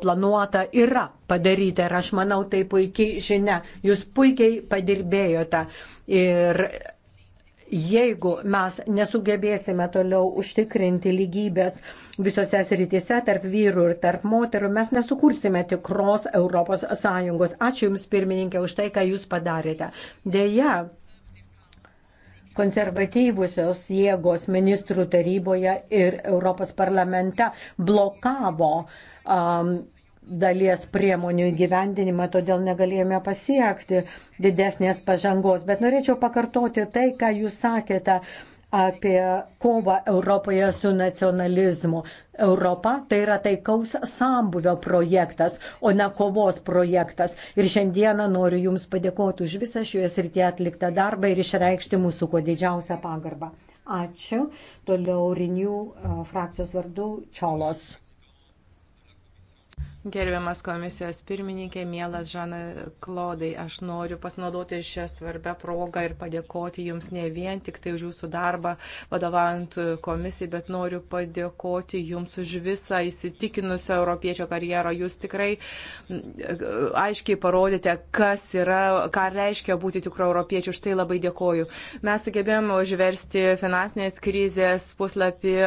planuota yra padaryta ir aš manau tai puikiai žinia. Jūs puikiai padirbėjote ir jeigu mes nesugebėsime toliau užtikrinti lygybės visose srityse tarp vyrų ir tarp moterų, mes nesukursime tikros ES. Ačiū Jums, pirmininkė, už tai, ką Jūs padarėte. Deja, konservatyvusios jėgos ministrų taryboje ir Europos parlamente blokavo um, dalies priemonių įgyvendinimą, todėl negalėjome pasiekti didesnės pažangos. Bet norėčiau pakartoti tai, ką jūs sakėte apie kovą Europoje su nacionalizmu. Europa tai yra taikaus sambuvio projektas, o ne kovos projektas. Ir šiandieną noriu Jums padėkoti už visą šioje srityje atliktą darbą ir išreikšti mūsų kuo didžiausią pagarbą. Ačiū. Toliau Rinių uh, frakcijos vardu Čiolos. Gerbiamas komisijos pirmininkė, mielas Žana Klodai, aš noriu pasinaudoti šią svarbę progą ir padėkoti Jums ne vien tik tai už Jūsų darbą vadovaujant komisijai, bet noriu padėkoti Jums už visą įsitikinusio europiečio karjerą. Jūs tikrai aiškiai parodėte, kas yra, ką reiškia būti tikro europiečiu. Štai labai dėkoju. Mes sugebėjome užversti finansinės krizės puslapį,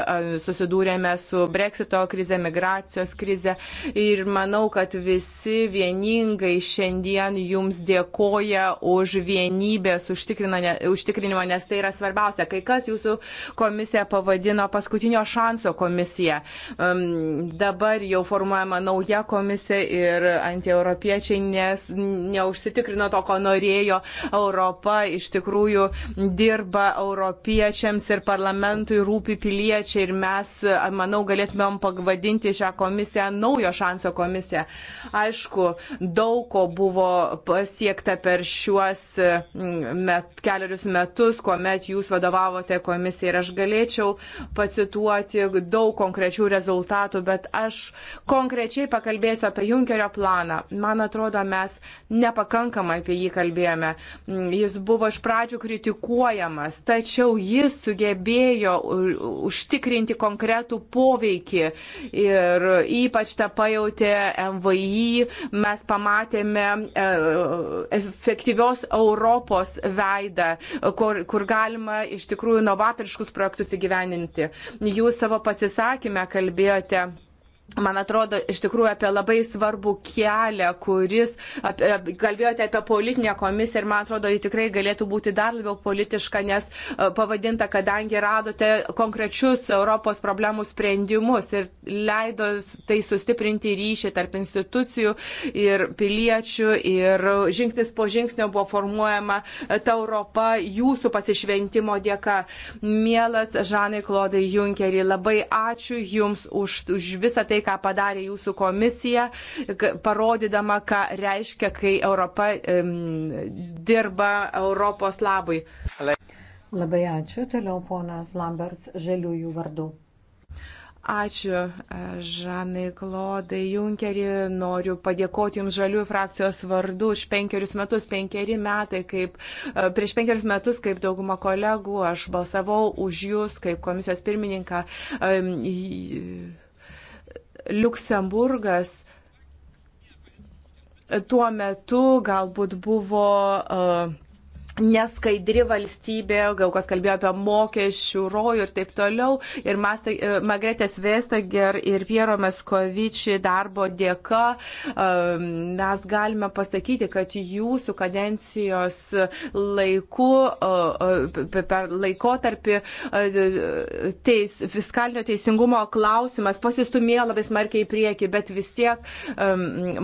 susidūrėme su Brexito krize, migracijos krize ir ir manau, kad visi vieningai šiandien jums dėkoja už vienybės užtikrinimą, nes tai yra svarbiausia. Kai kas jūsų komisija pavadino paskutinio šanso komisija. Ehm, dabar jau formuojama nauja komisija ir antieuropiečiai nes, neužsitikrino to, ko norėjo. Europa iš tikrųjų dirba europiečiams ir parlamentui rūpi piliečiai ir mes, manau, galėtumėm pavadinti šią komisiją naujo šanso Veneto komisija. Aišku, daug ko buvo pasiekta per šiuos mm, met, keliarius metus, kuomet jūs vadovavote komisijai ir aš galėčiau pacituoti daug konkrečių rezultatų, bet aš konkrečiai pakalbėsiu apie Junkerio planą. Man atrodo, mes nepakankamai apie jį kalbėjome. Mm, jis buvo iš pradžių kritikuojamas, tačiau jis sugebėjo užtikrinti konkretų poveikį ir ypač tą pajauti pamatė MVI, mes pamatėme e, efektyvios Europos veidą, kur, kur galima iš tikrųjų novatoriškus projektus įgyveninti. Jūs savo pasisakymę kalbėjote Man atrodo, iš tikrųjų apie labai svarbų kelią, kuris, apie, kalbėjote apie politinę komisiją ir man atrodo, ji tikrai galėtų būti dar labiau politiška, nes e, pavadinta, kadangi radote konkrečius Europos problemų sprendimus ir leido tai sustiprinti ryšį tarp institucijų ir piliečių ir žingsnis po žingsnio buvo formuojama e, ta Europa jūsų pasišventimo dėka. Mielas Žanai Klodai Junkeri, labai ačiū Jums už, už visą tai, tai, ką padarė jūsų komisija, parodydama, ką reiškia, kai Europa um, dirba Europos labui. Labai ačiū. Toliau ponas Lamberts žaliųjų vardu. Ačiū, Žanai Klodai Junkeri. Noriu padėkoti Jums žaliųjų frakcijos vardu už penkerius metus, penkeri metai, kaip e, prieš penkerius metus, kaip dauguma kolegų, aš balsavau už Jūs kaip komisijos pirmininką. Um, Luksemburgas tuo metu galbūt buvo uh, neskaidri valstybė, gal kas kalbėjo apie mokesčių rojų ir taip toliau. Ir e, Magretės Vestager ir Piero Meskovičiai darbo dėka e, mes galime pasakyti, kad jūsų kadencijos laiku, e, per laikotarpį teis, fiskalinio teisingumo klausimas pasistumėjo labai smarkiai į priekį, bet vis tiek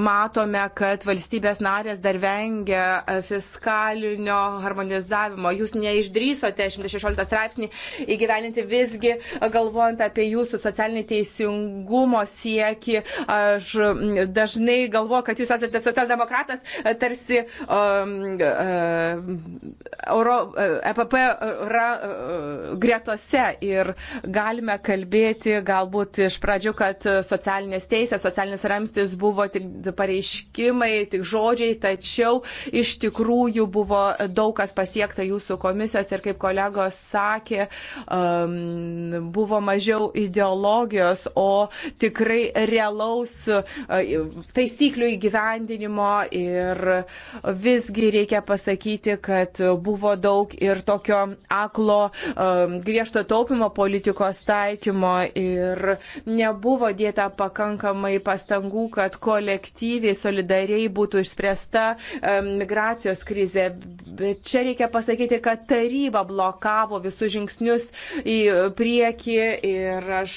matome, kad valstybės narės dar vengia fiskalinio harmonizavimo. Jūs neišdrysote 116 straipsnį įgyveninti visgi, galvojant apie jūsų socialinį teisingumo siekį. Aš mm, dažnai galvoju, kad jūs esate socialdemokratas, tarsi um, uh, Euro, uh, EPP ra, uh, gretose ir galime kalbėti galbūt iš pradžių, kad socialinės teisės, socialinis ramstis buvo tik pareiškimai, tik žodžiai, tačiau iš tikrųjų buvo daug daug kas pasiekta jūsų komisijos ir kaip kolegos sakė, um, buvo mažiau ideologijos, o tikrai realaus uh, taisyklių įgyvendinimo ir visgi reikia pasakyti, kad buvo daug ir tokio aklo um, griežto taupimo politikos taikymo ir nebuvo dėta pakankamai pastangų, kad kolektyviai solidariai būtų išspręsta um, migracijos krizė. Bet Čia reikia pasakyti, kad taryba blokavo visus žingsnius į priekį ir aš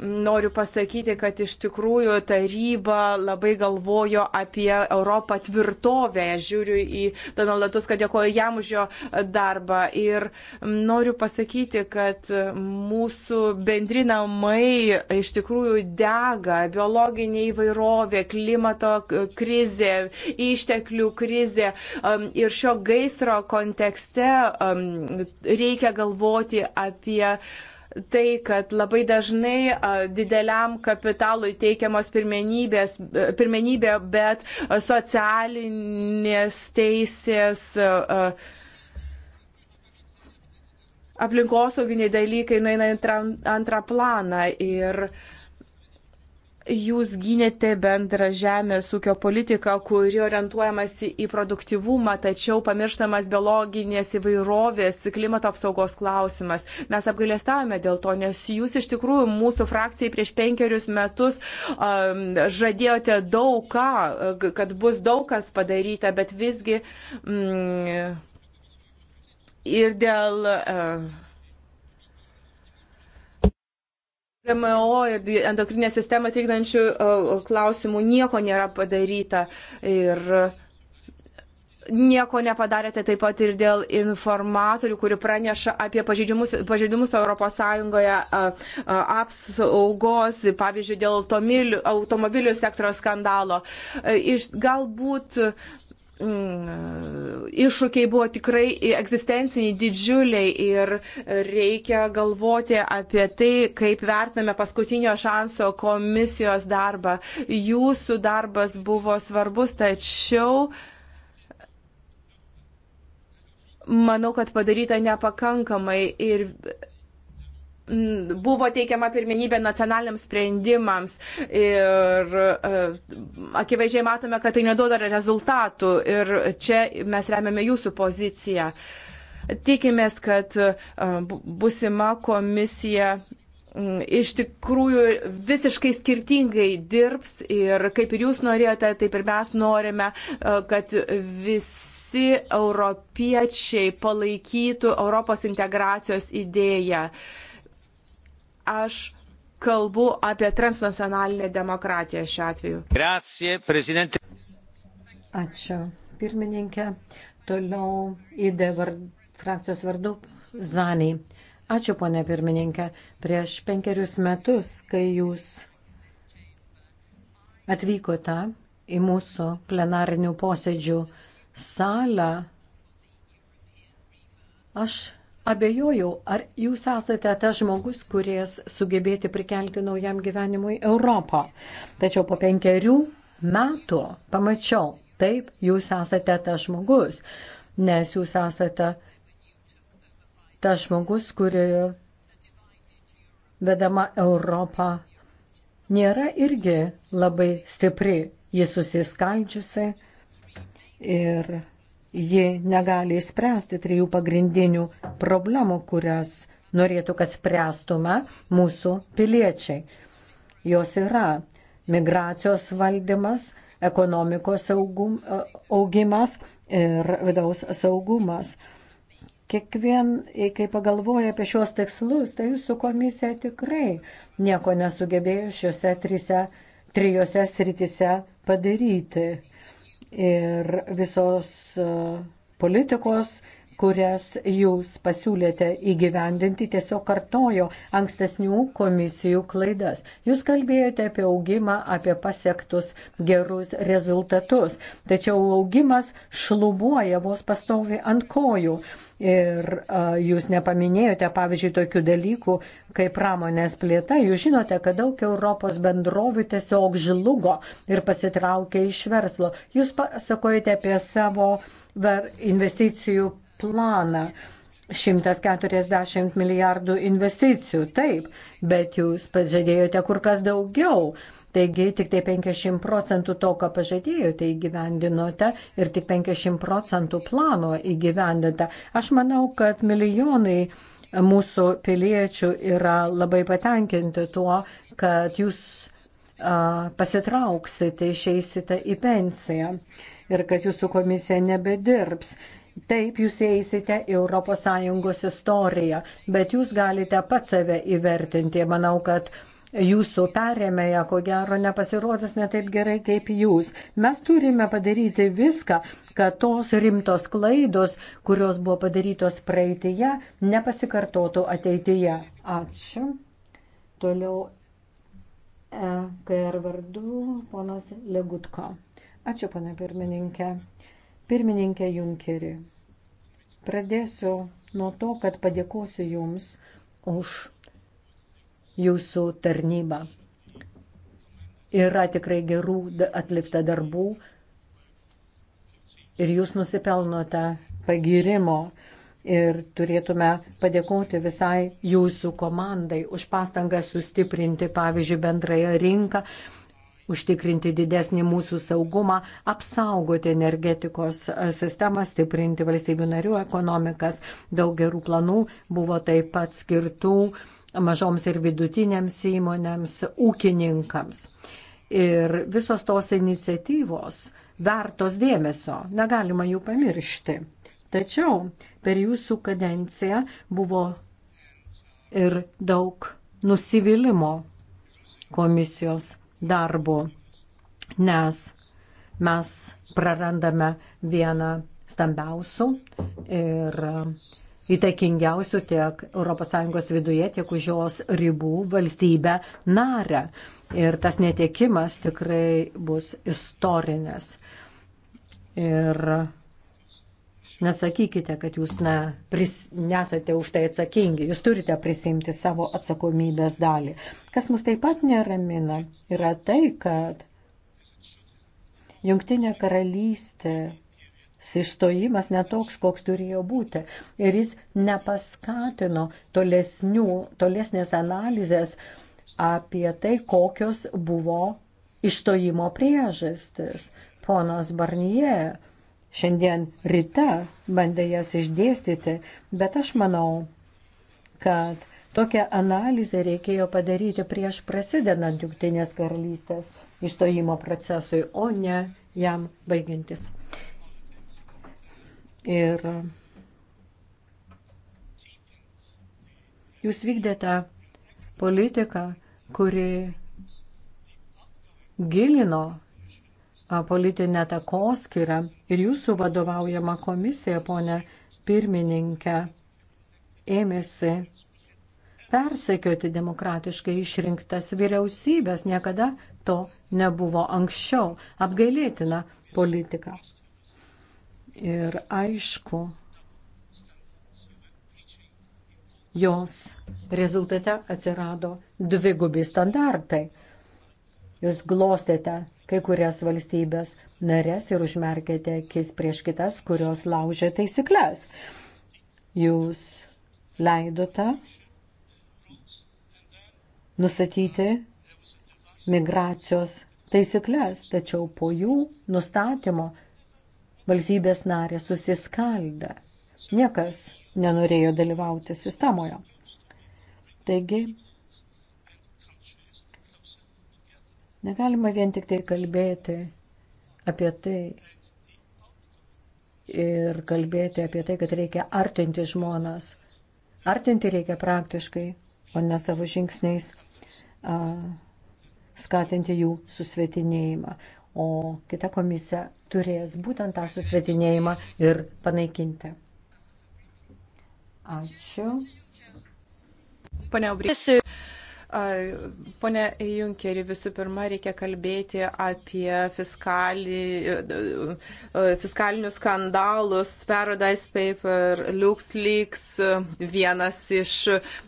noriu pasakyti, kad iš tikrųjų taryba labai galvojo apie Europą tvirtovę. Aš žiūriu į Donaldą Tuską, dėkoju jam už jo darbą ir noriu pasakyti, kad mūsų bendri namai iš tikrųjų dega, biologinė įvairovė, klimato krizė, išteklių krizė um, ir šio gaisro semestro kontekste um, reikia galvoti apie tai, kad labai dažnai uh, dideliam kapitalui teikiamos uh, pirmenybė, bet uh, socialinės teisės. Aplinkosauginiai dalykai nueina antrą, antrą planą ir uh, Jūs gynėte bendrą žemės ūkio politiką, kuri orientuojamasi į produktivumą, tačiau pamirštamas biologinės įvairovės, klimato apsaugos klausimas. Mes apgailestavome dėl to, nes jūs iš tikrųjų mūsų frakcijai prieš penkerius metus um, žadėjote daug ką, kad bus daug kas padaryta, bet visgi mm, ir dėl. Uh, GMO ir endokrinę sistemą trikdančių klausimų nieko nėra padaryta. Ir nieko nepadarėte taip pat ir dėl informatorių, kuri praneša apie pažeidimus, pažeidimus ES apsaugos, pavyzdžiui, dėl automilių sektorio skandalo. E, iš, galbūt Mm, e, iššūkiai buvo tikrai egzistenciniai, didžiuliai ir e, reikia galvoti apie tai, kaip vertiname paskutinio šanso komisijos darbą. Jūsų darbas buvo svarbus, tačiau manau, kad padaryta nepakankamai ir buvo teikiama pirmenybė nacionaliniams sprendimams ir e, akivaizdžiai matome, kad tai neduoda rezultatų ir čia mes remiame jūsų poziciją. Tikimės, kad e, busima komisija iš tikrųjų visiškai skirtingai dirbs ir kaip ir jūs norėjote, taip ir mes norime, e, kad visi visi europiečiai palaikytų Europos integracijos idėją aš kalbu apie transnacionalinę demokratiją šiuo atveju. Grazie, prezidentė. Ačiū, pirmininkė. Toliau įdė var, frakcijos vardu Zanį. Ačiū, ponė pirmininkė. Prieš penkerius metus, kai jūs atvykote į mūsų plenarinių posėdžių salę, aš abejojau, ar jūs esate tas žmogus, kuris sugebėti prikelti naujam gyvenimui Europą. Tačiau po penkerių metų pamačiau, taip, jūs esate tas žmogus, nes jūs esate tas žmogus, kuri vedama Europą nėra irgi labai stipri, jis susiskaldžiusi ir ji negali įspręsti trijų pagrindinių problemų, kurias norėtų, kad spręstume mūsų piliečiai. Jos yra migracijos valdymas, ekonomikos saugum, augimas ir vidaus saugumas. Kiekvien, kai pagalvoja apie šios tikslus, tai jūsų komisija tikrai nieko nesugebėjo šiuose trise, trijose sritise padaryti ir visos e, politikos, kurias jūs pasiūlėte įgyvendinti, tiesiog kartojo ankstesnių komisijų klaidas. Jūs kalbėjote apie augimą, apie pasiektus gerus rezultatus, tačiau augimas šlubuoja vos pastovi ant kojų. Ir uh, jūs nepaminėjote, pavyzdžiui, tokių dalykų kaip pramonės plėta. Jūs žinote, kad daug Europos bendrovių tiesiog žlugo ir pasitraukė iš verslo. Jūs pasakojate apie savo investicijų planą. 140 milijardų investicijų, taip, bet jūs pažadėjote kur kas daugiau. Uh, Taigi tik tai 50 procentų to, ką pažadėjote įgyvendinote ir tik 50 procentų plano įgyvendinta. Aš manau, kad milijonai mūsų piliečių yra labai patenkinti tuo, kad jūs a, pasitrauksite, išeisite į pensiją ir kad jūsų komisija nebedirbs. Taip, jūs eisite į ES istoriją, bet jūs galite pat save įvertinti. Manau, kad uh, jūsų perėmėja, ko gero, nepasirodys netaip gerai kaip jūs. Mes turime padaryti viską, kad tos rimtos klaidos, kurios buvo padarytos praeitėje, nepasikartotų ateityje. Ačiū. Toliau e KR vardu ponas Legutko. Ačiū, pana pirmininkė. Pirmininkė Junkeri. Pradėsiu nuo to, kad padėkosiu Jums už jūsų tarnybą. Yra tikrai gerų atlikta darbų ir jūs nusipelnote pagirimo ir turėtume padėkoti visai jūsų komandai už pastangą sustiprinti, pavyzdžiui, bendrąją rinką, užtikrinti didesnį mūsų saugumą, apsaugoti energetikos e, sistemą, stiprinti valstybių narių ekonomikas. Daug gerų planų buvo taip pat skirtų mažoms ir vidutinėms įmonėms, ūkininkams. Ir visos tos iniciatyvos vertos dėmesio, negalima jų pamiršti. Tačiau per jūsų kadenciją buvo ir daug nusivylimų komisijos darbu, nes mes prarandame vieną stambiausių ir įtakingiausių tiek ES viduje, tiek už jos ribų valstybę narę. Ir tas netekimas tikrai bus istorinis. Ir nesakykite, kad jūs ne, pris, nesate už tai atsakingi, jūs turite prisimti savo atsakomybės dalį. Kas mus taip pat neramina, yra tai, kad Jungtinė karalystė išstojimas netoks, koks turėjo būti. Ir jis nepaskatino tolesnių, tolesnės analizės apie tai, kokios buvo išstojimo priežastis. Ponas Barnie šiandien ryte bandė jas išdėstyti, bet aš manau, kad Tokią analizę reikėjo padaryti prieš prasidedant Junktinės karalystės išstojimo procesui, o ne jam baigiantis. Ir jūs vykdėte politiką, kuri gilino politinę takoskirą ir jūsų vadovaujama komisija, ponė pirmininkė, ėmėsi persekioti demokratiškai išrinktas vyriausybės. Niekada to nebuvo anksčiau. Apgailėtina politika. Ir aišku, jos rezultate atsirado dvigubi standartai. Jūs glostėte kai kurias valstybės narės ir užmerkėte akis prieš kitas, kurios laužė taisyklės. Jūs leidote nustatyti migracijos taisyklės, tačiau po jų nustatymo valstybės narė susiskaldė. Niekas nenorėjo dalyvauti sistemoje. Taigi, negalima vien tik tai kalbėti apie tai ir kalbėti apie tai, kad reikia artinti žmonas. Artinti reikia praktiškai, o ne savo žingsniais a, skatinti jų susvetinėjimą. O kita komisija turės būtent tą susvetinėjimą ir panaikinti. Ačiū. Pane Aubrė. Pone Junkeri, visų pirma, reikia kalbėti apie fiskali, fiskalinius skandalus. Paradise Paper, LuxLeaks, vienas iš,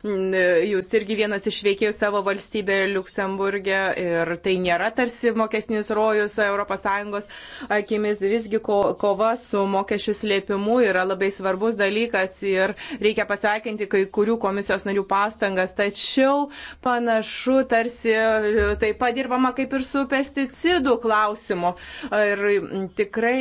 jūs irgi vienas iš veikėjų savo valstybėje Luksemburgė ir tai nėra tarsi mokesnis rojus ES akimis. Visgi ko, kova su mokesčių slėpimu yra labai svarbus dalykas ir reikia pasveikinti kai kurių komisijos narių pastangas. Tačiau, pa, panašu, tarsi e, taip pat dirbama kaip ir su pesticidų klausimu. Ir tikrai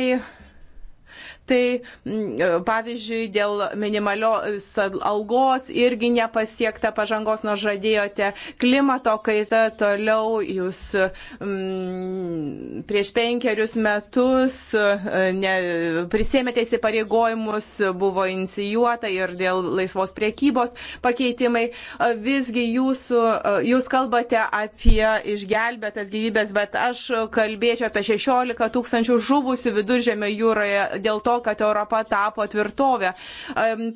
tai mm, pavyzdžiui dėl minimalios algos irgi nepasiekta pažangos, nors žadėjote klimato kaitą, toliau jūs m, mm, prieš penkerius metus mm, ne, prisėmėte įsipareigojimus, buvo inicijuota ir dėl laisvos priekybos pakeitimai. Visgi jūsų, jūs kalbate apie išgelbėtas gyvybės, bet aš kalbėčiau apie 16 tūkstančių žuvusių viduržėmio jūroje dėl to, to, kad Europa tapo tvirtovė.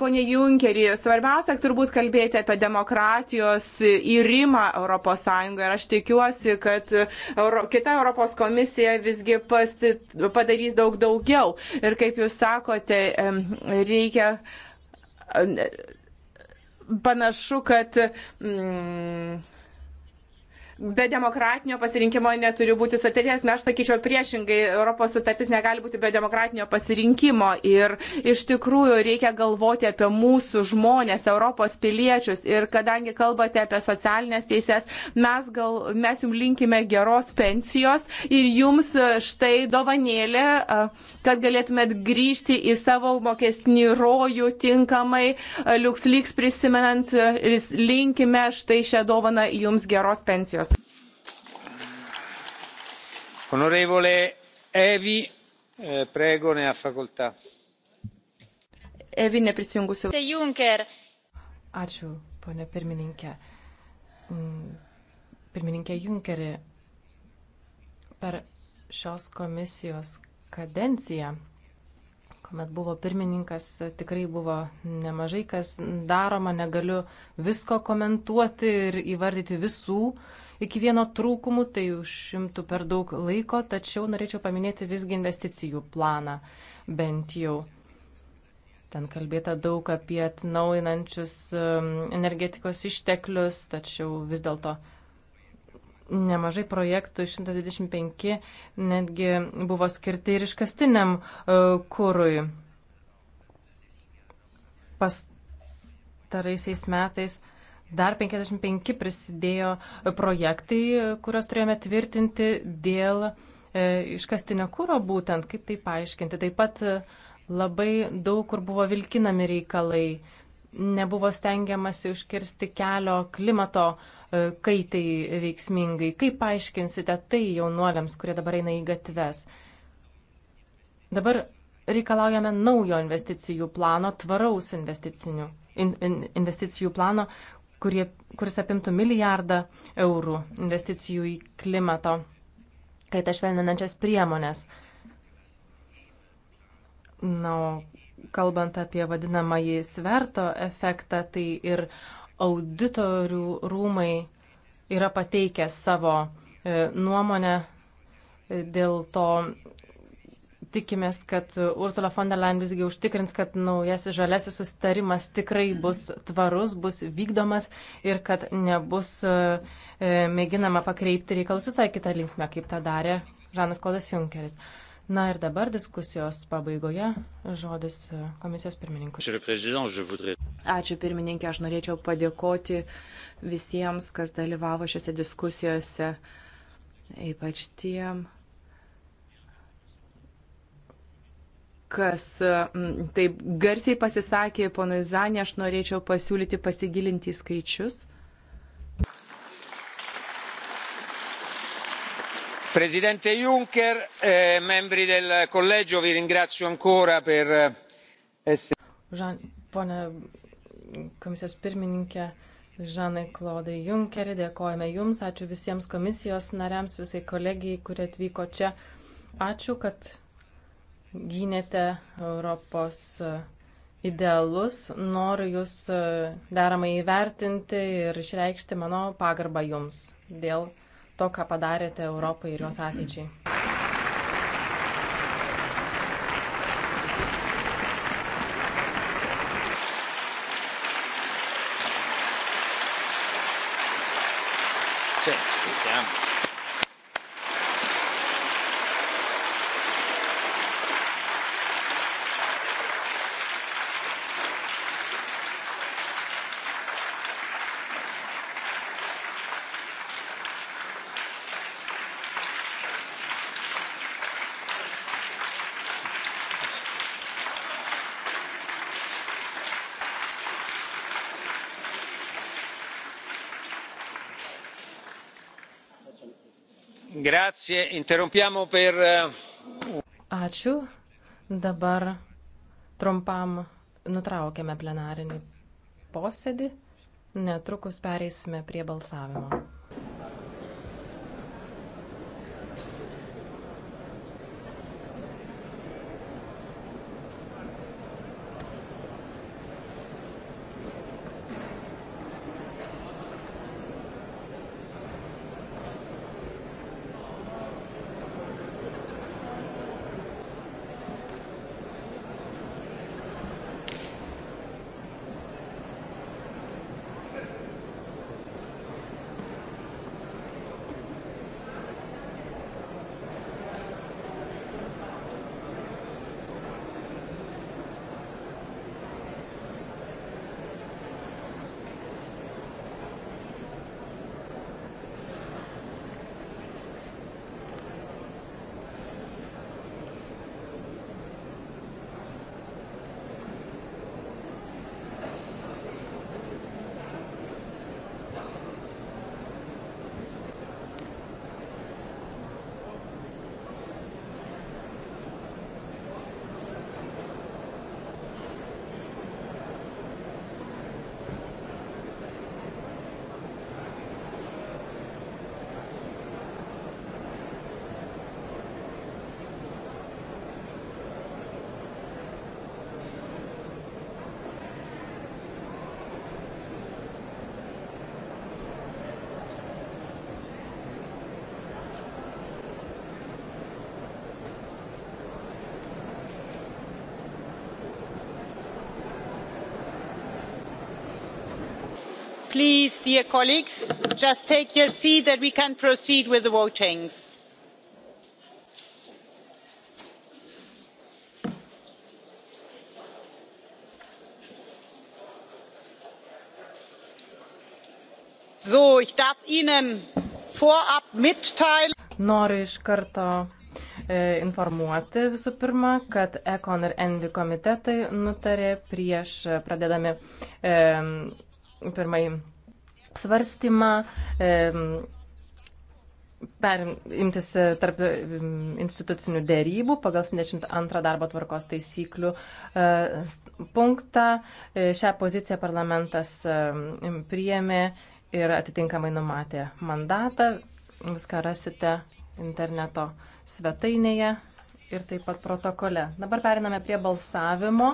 Pone Junkerį, svarbiausia turbūt kalbėti apie demokratijos įrimą ES ir aš tikiuosi, kad Euro, kita Europos komisija visgi pasi, padarys daug daugiau. Ir kaip jūs sakote, reikia. Panašu, kad. Mm, be demokratinio pasirinkimo neturi būti sutarties. Na, aš sakyčiau priešingai, Europos sutartis negali būti be demokratinio pasirinkimo. Ir iš tikrųjų reikia galvoti apie mūsų žmonės, Europos piliečius. Ir kadangi kalbate apie socialinės teises, mes, gal, mes jums linkime geros pensijos ir jums štai dovanėlė, kad galėtumėt grįžti į savo mokesnį rojų tinkamai. Liuksliks prisimenant, linkime štai šią dovaną jums geros pensijos. Honorevole Evi, eh, prego, ne ha fakultą. Evi neprisijungusi. Junker. Ačiū, ponė pirmininkė. Mm, pirmininkė Junkerį per šios komisijos kadenciją, kuomet buvo pirmininkas, tikrai buvo nemažai kas daroma, negaliu visko komentuoti ir įvardyti visų uh, iki vieno trūkumų, tai užimtų per daug laiko, tačiau norėčiau paminėti visgi investicijų planą bent jau. Ten kalbėta daug apie atnaujinančius um, energetikos išteklius, tačiau vis dėlto nemažai projektų, 125 netgi buvo skirti ir iškastiniam uh, kūrui. Pastaraisiais metais Dar 55 prisidėjo projektai, kuriuos turėjome tvirtinti dėl e, iškastinio kūro būtent, kaip tai paaiškinti. Taip pat e, labai daug kur buvo vilkinami reikalai, nebuvo stengiamasi užkirsti kelio klimato e, kaitai veiksmingai. Kaip paaiškinsite tai jaunuoliams, kurie dabar eina į gatves? Dabar reikalaujame naujo investicijų plano, tvaraus investicinių, in, in, investicijų plano, kurie, kuris apimtų milijardą eurų investicijų į klimato kaitą švelninančias priemonės. Na, o kalbant apie vadinamąjį sverto efektą, tai ir auditorių rūmai yra pateikę savo e, nuomonę e, dėl to tikimės, kad Ursula von der Leyen visgi užtikrins, kad naujasis žalesis susitarimas tikrai bus tvarus, bus vykdomas ir kad nebus e, e, mėginama pakreipti reikalus visai kitą linkmę, kaip tą darė Žanas Klodas Junkeris. Na ir dabar diskusijos pabaigoje žodis e, komisijos pirmininkui. Ačiū pirmininkė, aš norėčiau padėkoti visiems, kas dalyvavo šiuose diskusijose, ypač tiem, kas mm, taip garsiai pasisakė, ponai Zanė, aš norėčiau pasiūlyti pasigilinti į skaičius. Presidente Juncker, eh, membri del collegio, vi ringrazio ancora per eh, essere. Žan, pone komisijos pirmininkė, Žanai Klodai Junkeri, dėkojame Jums, ačiū visiems komisijos nariams, visai kolegijai, kurie atvyko čia. Ačiū, kad gynėte Europos idealus. Noriu Jūs e, deramai įvertinti ir išreikšti mano pagarbą Jums dėl to, ką padarėte Europai ir jos ateičiai. Grazie, interrompiamo per. Eh, Ačiū. Dabar trumpam nutraukėme plenarinį posėdį. Netrukus pereisime prie balsavimo. please dear colleagues just take your seat that we can proceed with the votings. So, ich darf Ihnen vorab mitteilen. Noriu iš karto e, informuoti visų pirma, kad Ekon ir Envi komitetai nutarė prieš e, pradedami e, pirmąjį svarstymą, perimtis e, tarp institucinių dėrybų pagal 72 darbo tvarkos taisyklių e, punktą. E, šią poziciją parlamentas priėmė ir atitinkamai numatė mandatą. Viską rasite interneto svetainėje ir taip pat protokole. Dabar periname prie balsavimo.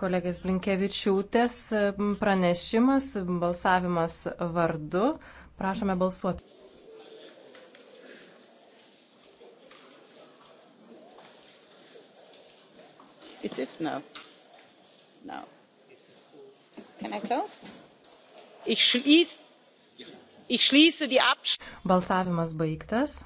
Kolegės Blinkevičiūtės pranešimas, balsavimas vardu. Prašome balsuoti. Is this no? No. Can I close? Ich schließe, ich schließe die Abstimmung. Balsavimas baigtas.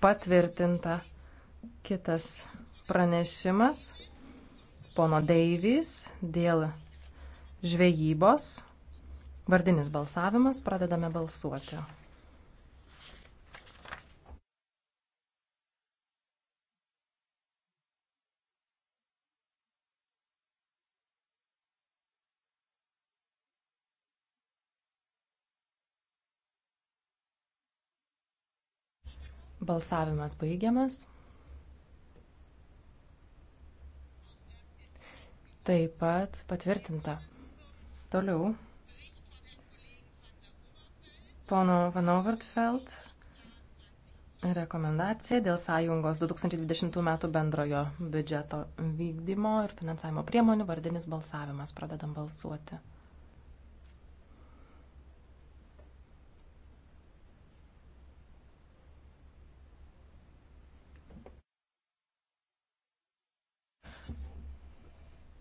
patvirtinta. Kitas pranešimas pono Deivys dėl žvejybos. Vardinis balsavimas, pradedame balsuoti. Balsavimas baigiamas. Taip pat patvirtinta. Toliau. Pono Van Overtfeld rekomendacija dėl sąjungos 2020 m. bendrojo biudžeto vykdymo ir finansavimo priemonių vardinis balsavimas. Pradedam balsuoti.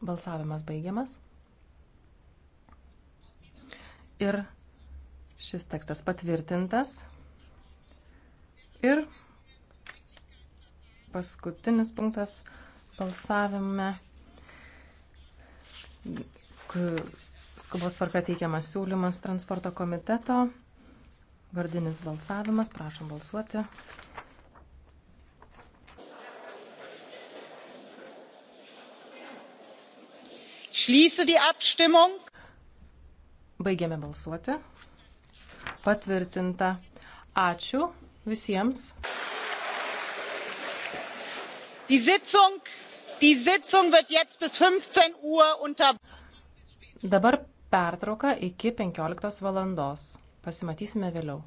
Balsavimas baigiamas. Ir šis tekstas patvirtintas. Ir paskutinis punktas balsavime. Skubos tvarka teikiamas siūlymas transporto komiteto. Vardinis balsavimas. Prašom balsuoti. schließe die Abstimmung. Baigėme balsuoti. Patvirtinta. Ačiū visiems. Die Sitzung, die Sitzung wird jetzt bis 15 Uhr unter. Dabar pertrauka iki 15 valandos. Pasimatysime vėliau.